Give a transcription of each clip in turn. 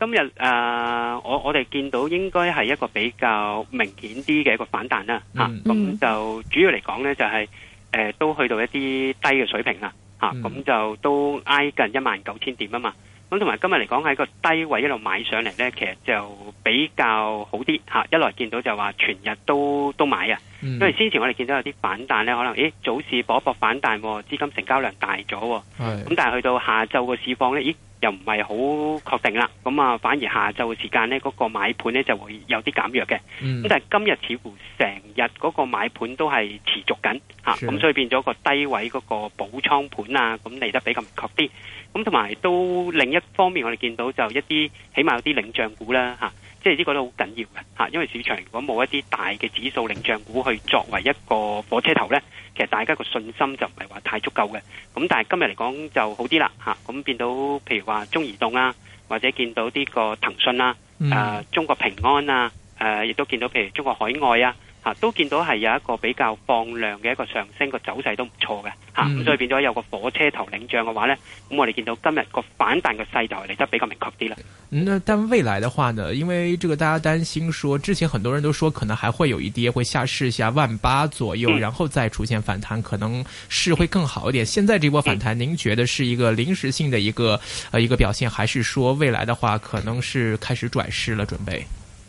今日誒，呃，我我哋見到應該係一個比較明顯啲嘅一個反彈啦嚇，咁就主要嚟講呢，就係、是、誒、呃、都去到一啲低嘅水平啦嚇，咁就都挨近一萬九千點啊嘛，咁同埋今日嚟講喺個低位一路買上嚟呢，其實就比較好啲嚇，啊、一來見到就話全日都都買啊。嗯、因為先前我哋見到有啲反彈咧，可能咦早市搏一搏反彈，資金成交量大咗，咁是但係去到下晝個市況咧，咦又唔係好確定啦。咁啊，反而下晝嘅時間咧，嗰、那個買盤咧就會有啲減弱嘅。咁、嗯、但係今日似乎成日嗰個買盤都係持續緊吓，咁的、啊、所以變咗個低位嗰個補倉盤啊，咁嚟得比較明確啲。咁同埋都另一方面，我哋見到就一啲起碼有啲領漲股啦吓。啊即係呢個都好緊要嘅嚇，因為市場如果冇一啲大嘅指數領漲股去作為一個火車頭咧，其實大家個信心就唔係話太足夠嘅。咁但係今日嚟講就好啲啦嚇，咁變到譬如話中移動啊，或者見到呢個騰訊啦，誒、嗯呃、中國平安啊，誒、呃、亦都見到譬如中國海外啊。啊都見到係有一個比較放量嘅一個上升個走勢都唔錯嘅吓，咁、啊嗯、所以變咗有個火車頭領漲嘅話呢，咁我哋見到今日個反彈嘅勢頭嚟得比較明確啲啦。那、嗯、但未來的話呢？因為這個大家擔心說，之前很多人都說可能還會有一跌，會下試下萬八左右，嗯、然後再出現反彈，可能是會更好一點。嗯、現在這波反彈，您覺得是一個臨時性的一個，呃，一個表現，還是說未來的話可能是開始轉勢了，準備？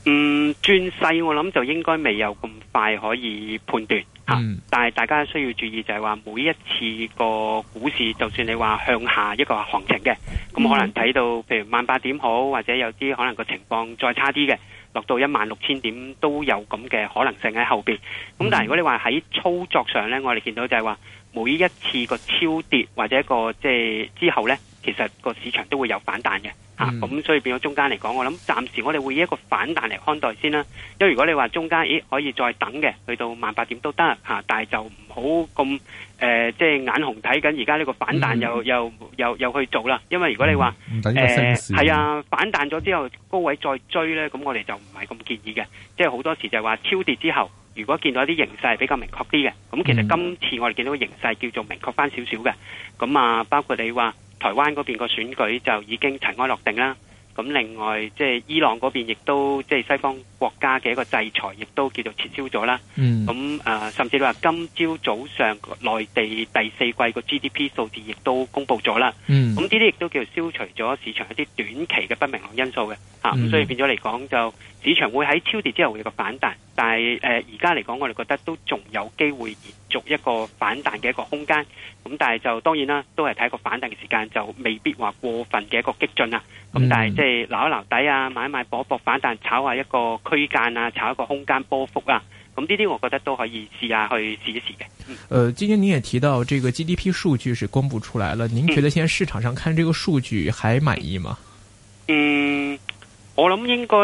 嗯，轉勢我諗就應該未有咁快可以判斷吓，嗯啊，但係大家需要注意就係話每一次個股市，就算你話向下一個行情嘅，咁可能睇到譬如萬八點好，或者有啲可能個情況再差啲嘅，落到一萬六千點都有咁嘅可能性喺後邊。咁但係如果你話喺操作上呢，我哋見到就係話每一次個超跌或者一個即係、就是、之後呢。其實個市場都會有反彈嘅，吓咁、嗯啊、所以變咗中間嚟講，我諗暫時我哋會以一個反彈嚟看待先啦。因為如果你話中間，咦可以再等嘅，去到萬八點都得，吓、啊，但係就唔好咁誒，即係眼紅睇緊而家呢個反彈又、嗯、又又、又去做啦。因為如果你話誒係啊，反彈咗之後高位再追咧，咁我哋就唔係咁建議嘅。即係好多時就係話超跌之後，如果見到一啲形勢比較明確啲嘅，咁其實今次我哋見到個形勢叫做明確翻少少嘅。咁啊，包括你話。台灣嗰邊個選舉就已經塵埃落定啦。咁另外，即係伊朗嗰邊亦都即係西方國家嘅一個制裁，亦都叫做撤銷咗啦。咁、嗯嗯、甚至話今朝早上內地第四季個 GDP 數字亦都公布咗啦。咁呢啲亦都叫做消除咗市場一啲短期嘅不明朗因素嘅吓咁、啊、所以變咗嚟講就。市場會喺超跌之後有個反彈，但係誒而家嚟講，我哋覺得都仲有機會延續一個反彈嘅一個空間。咁但係就當然啦，都係睇個反彈嘅時間，就未必話過分嘅一個激進啊。咁、嗯、但係即係留一留底啊，買一買搏搏反彈，炒一下一個區間啊，炒一個空間波幅啊。咁呢啲我覺得都可以試下去試一試嘅。誒、呃，今天您也提到這個 GDP 數據是公布出來了，您覺得現在市場上看這個數據還滿意嗎？嗯。嗯嗯。我諗應該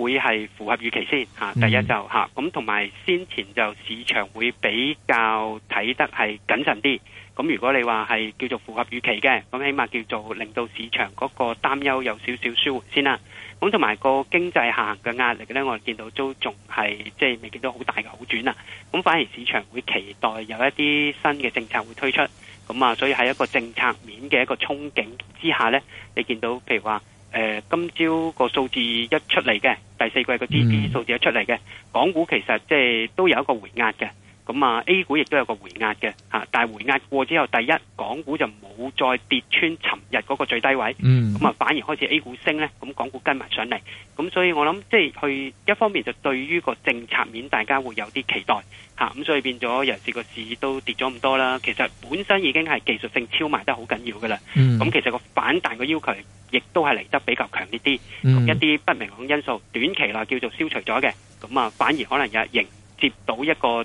會係符合預期先、啊、第一就咁，同埋、嗯啊、先前就市場會比較睇得係謹慎啲。咁如果你話係叫做符合預期嘅，咁起碼叫做令到市場嗰個擔憂有少少舒緩先啦。咁同埋個經濟下行嘅壓力呢，我哋見到都仲係即係未見到好大嘅好轉啊。咁反而市場會期待有一啲新嘅政策會推出。咁啊，所以喺一個政策面嘅一個憧憬之下呢，你見到譬如話。誒、呃，今朝個數字一出嚟嘅，第四季個 GDP 數字一出嚟嘅，嗯、港股其實即係都有一個回壓嘅。咁啊，A 股亦都有個回壓嘅、啊、但係回壓過之後，第一港股就冇再跌穿尋日嗰個最低位，咁啊、嗯、反而開始 A 股升咧，咁港股跟埋上嚟，咁所以我諗即係去一方面就對於個政策面大家會有啲期待咁、啊、所以變咗尤其是個市都跌咗咁多啦，其實本身已經係技術性超賣得好緊要㗎啦，咁、嗯、其實個反彈嘅要求亦都係嚟得比較強啲，嗯、一啲不明朗因素短期內叫做消除咗嘅，咁啊反而可能又迎接到一個。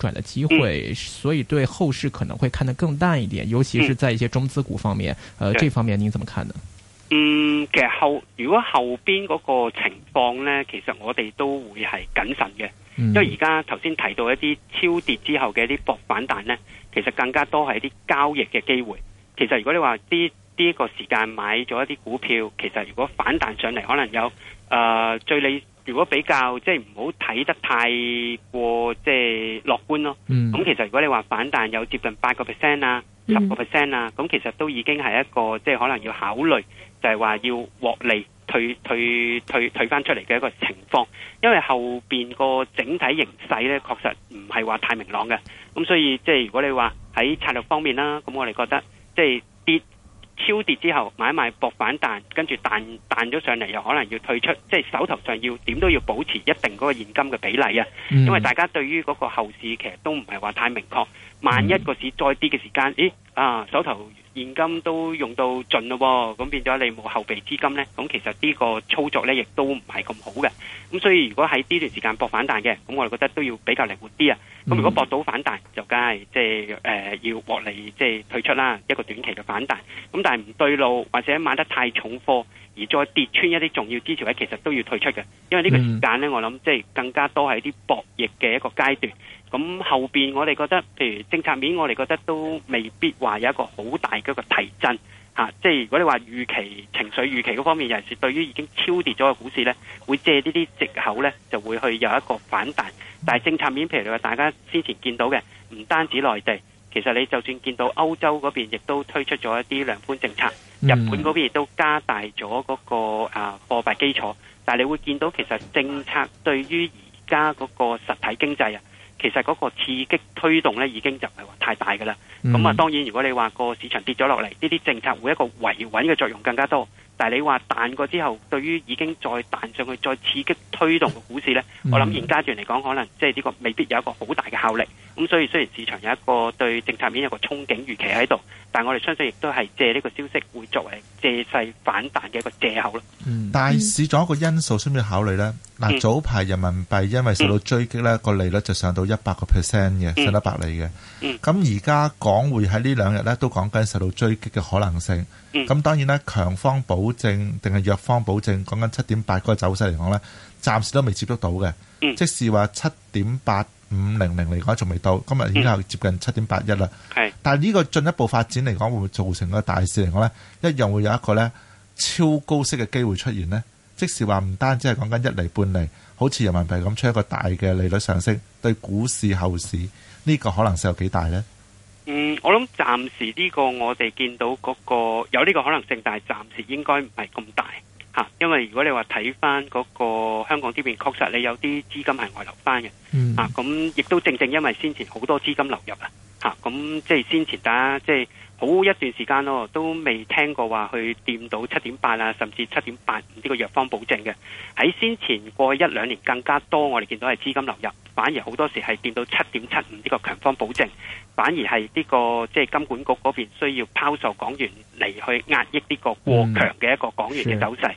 轉機會，所以對後市可能會看得更淡一點，尤其是在一些中資股方面。呃，嗯、這方面您怎麼看呢？嗯，其實後如果後邊嗰個情況呢，其實我哋都會係謹慎嘅，嗯、因為而家頭先提到一啲超跌之後嘅一啲博反彈呢，其實更加多係一啲交易嘅機會。其實如果你話呢呢個時間買咗一啲股票，其實如果反彈上嚟，可能有誒、呃、最利。如果比較即係唔好睇得太過即係樂觀咯，咁、嗯、其實如果你話反彈有接近八個 percent 啊，十個 percent 啊，咁、嗯、其實都已經係一個即係可能要考慮，就係話要獲利退退退退翻出嚟嘅一個情況，因為後邊個整體形勢咧確實唔係話太明朗嘅，咁所以即係如果你話喺策略方面啦，咁我哋覺得即係。超跌之後買賣搏反彈，跟住彈彈咗上嚟又可能要退出，即係手頭上要點都要保持一定嗰個現金嘅比例啊，嗯、因為大家對於嗰個後市其實都唔係話太明確，萬一個市再跌嘅時間，咦？啊，手頭現金都用到盡咯，咁變咗你冇後備資金呢。咁其實呢個操作呢，亦都唔係咁好嘅。咁所以如果喺呢段時間搏反彈嘅，咁我哋覺得都要比較靈活啲啊。咁如果搏到反彈，就梗係即係誒要獲利即係、即係、退出啦，一個短期嘅反彈。咁但係唔對路或者買得太重貨，而再跌穿一啲重要支持位，其實都要退出嘅，因為呢個時間呢，我諗即係更加多係啲博弈嘅一個階段。咁後面我哋覺得，譬如政策面，我哋覺得都未必話有一個好大嘅一個提振、啊、即係如果你話預期情緒、預期嗰方面，尤其是對於已經超跌咗嘅股市呢，會借呢啲藉口呢，就會去有一個反彈。但係政策面，譬如你話大家先前見到嘅，唔單止內地，其實你就算見到歐洲嗰邊，亦都推出咗一啲量寬政策，日本嗰邊亦都加大咗嗰、嗰個啊貨幣基礎。但係你會見到，其實政策對於而家嗰個實體經濟啊。其實嗰個刺激推動咧，已經就唔係話太大嘅啦。咁啊，當然如果你話個市場跌咗落嚟，呢啲政策會一個維穩嘅作用更加多。但係你話彈過之後，對於已經再彈上去、再刺激推動嘅股市呢，嗯、我諗現階段嚟講，可能即係呢個未必有一個好大嘅效力。咁所以雖然市場有一個對政策面有一個憧憬預期喺度，但我哋相信亦都係借呢個消息會作為借勢反彈嘅一個藉口啦。嗯嗯、但係市況一個因素需唔需要考慮呢？嗱、嗯，早排、嗯、人民幣因為受到追擊呢個利率就上到一百個 percent 嘅上得百厘嘅。咁而家港匯喺呢兩日呢，都講緊受到追擊嘅可能性。咁、嗯、當然啦，強方保證定係弱方保證，講緊七點八個走勢嚟講呢，暫時都未接觸到嘅。嗯、即使話七點八五零零嚟講仲未到，今日已經係接近七點八一啦。嗯、但呢個進一步發展嚟講，會唔會造成個大市嚟講呢？一樣會有一個呢超高息嘅機會出現呢？即使話唔單止係講緊一厘半厘，好似人民幣咁出一個大嘅利率上升，對股市後市呢、呢個可能性有幾大呢？嗯，我諗暫時呢個我哋見到嗰個有呢個可能性，但係暫時應該唔係咁大吓，因為如果你話睇翻嗰個香港呢邊，確實你有啲資金係外流翻嘅，吓咁、嗯啊、亦都正正因為先前好多資金流入啊，吓、嗯、咁即係先前大家即係。好一段時間咯，都未聽過話去掂到七點八啦，甚至七點八五呢個弱方保證嘅。喺先前過去一兩年更加多，我哋見到係資金流入，反而好多時係跌到七點七五呢個強方保證，反而係呢、這個即係、就是、金管局嗰邊需要拋售港元嚟去壓抑呢個過強嘅一個港元嘅走勢。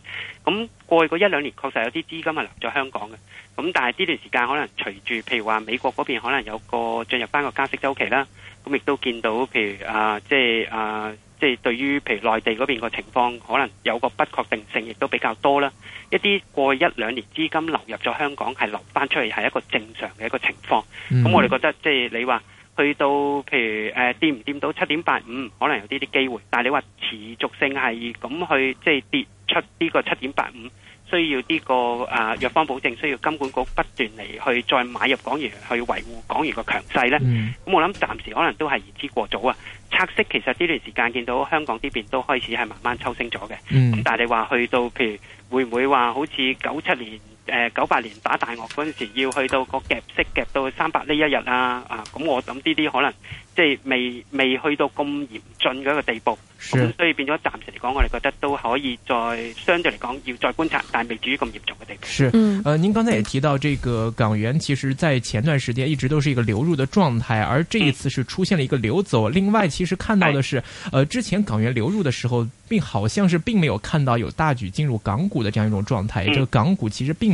咁、嗯、過去嗰一兩年確實有啲資金係流咗香港嘅，咁但係呢段時間可能隨住譬如話美國嗰邊可能有個進入翻個加息周期啦。咁亦都見到，譬如啊、呃，即係啊、呃，即係對於譬如內地嗰邊個情況，可能有個不確定性，亦都比較多啦。一啲過一兩年資金流入咗香港，係流翻出嚟係一個正常嘅一個情況。咁、嗯、哼我哋覺得，即係你話去到譬如誒掂唔掂到七點八五，可能有啲啲機會。但係你話持續性係咁去即係跌出呢個七點八五。需要呢、這個誒、啊、藥方保證，需要金管局不斷嚟去再買入港元，去維護港元個強勢呢，咁、嗯、我諗暫時可能都係言之過早啊。拆息其實呢段時間見到香港呢邊都開始係慢慢抽升咗嘅，咁、嗯、但係你話去到譬如會唔會話好似九七年？呃、九八年打大鱷嗰陣時，要去到個夾息夾到三百厘一日啊！啊，咁我諗呢啲可能即係未未去到咁嚴峻嘅一個地步，是嗯、所以變咗暫時嚟講，我哋覺得都可以再相對嚟講要再觀察，但未至於咁嚴重嘅地步。是，誒、呃，您剛才也提到，這個港元其實在前段時間一直都是一個流入嘅狀態，而這一次是出現了一個流走。另外，其實看到的是，呃、之前港元流入嘅時候，並好像是並沒有看到有大舉進入港股嘅這樣一種狀態，嗯、這個港股其實並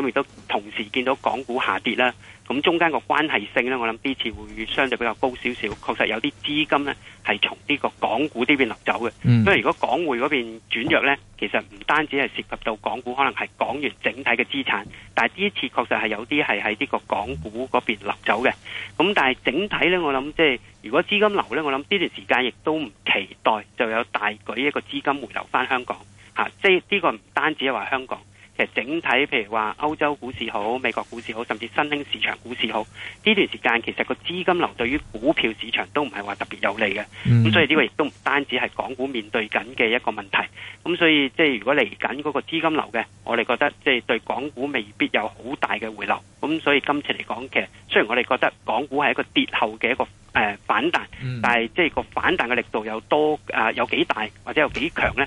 咁亦都同時見到港股下跌啦，咁中間個關係性咧，我諗呢次會相對比較高少少。確實有啲資金咧係從呢個港股呢邊流走嘅。嗯、因為如果港匯嗰邊轉弱咧，其實唔單止係涉及到港股，可能係港元整體嘅資產。但係呢次確實係有啲係喺呢個港股嗰邊流走嘅。咁但係整體咧，我諗即係如果資金流咧，我諗呢段時間亦都唔期待就有大舉一個資金回流翻香港嚇。即係呢個唔單止係話香港。啊這個其實整體，譬如話歐洲股市好、美國股市好，甚至新興市場股市好，呢段時間其實個資金流對於股票市場都唔係話特別有利嘅。咁、嗯、所以呢個亦都唔單止係港股面對緊嘅一個問題。咁、嗯、所以即係如果嚟緊嗰個資金流嘅，我哋覺得即係對港股未必有好大嘅回流。咁所以今次嚟講嘅，其實雖然我哋覺得港股係一個跌後嘅一個誒、呃、反彈，嗯、但係即係個反彈嘅力度有多誒、呃、有幾大或者有幾強呢？